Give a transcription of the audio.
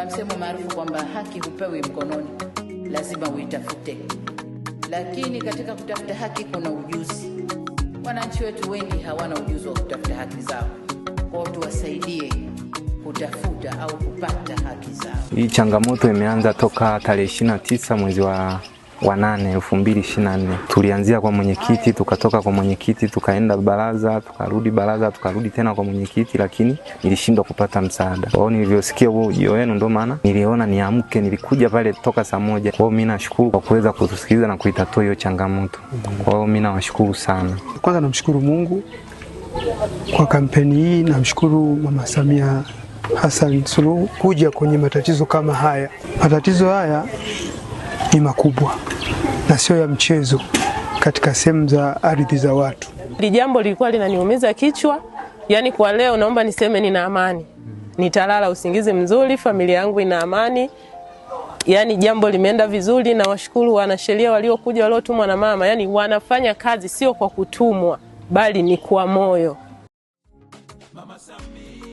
Kuna msemo maarufu kwamba haki hupewi mkononi, lazima uitafute. Lakini katika kutafuta haki kuna ujuzi. Wananchi wetu wengi hawana ujuzi wa kutafuta haki zao, kwao tuwasaidie kutafuta au kupata haki zao. Hii changamoto imeanza toka tarehe 29 mwezi wa wa nane elfu mbili ishirini na nne. Tulianzia kwa mwenyekiti, tukatoka kwa mwenyekiti, tukaenda baraza, tukarudi baraza, tukarudi tena kwa mwenyekiti, lakini nilishindwa kupata msaada. Kwa hiyo nilivyosikia huo ujio wenu, ndio maana niliona niamke, nilikuja pale toka saa moja. Kwa hiyo mimi nashukuru kwa kuweza kutusikiliza na kuitatua hiyo changamoto. Kwa hiyo mimi nawashukuru sana. Kwanza namshukuru Mungu kwa kampeni hii, namshukuru Mama Samia Hassan Suluhu kuja kwenye matatizo kama haya. Matatizo haya ni makubwa na sio ya mchezo katika sehemu za ardhi za watu. Jambo lilikuwa linaniumiza kichwa, yaani kwa leo naomba niseme nina amani, nitalala usingizi mzuri, familia yangu ina amani, yaani jambo limeenda vizuri. Na washukuru wanasheria waliokuja, waliotumwa na mama, yaani wanafanya kazi sio kwa kutumwa, bali ni kwa moyo. Mama Samia,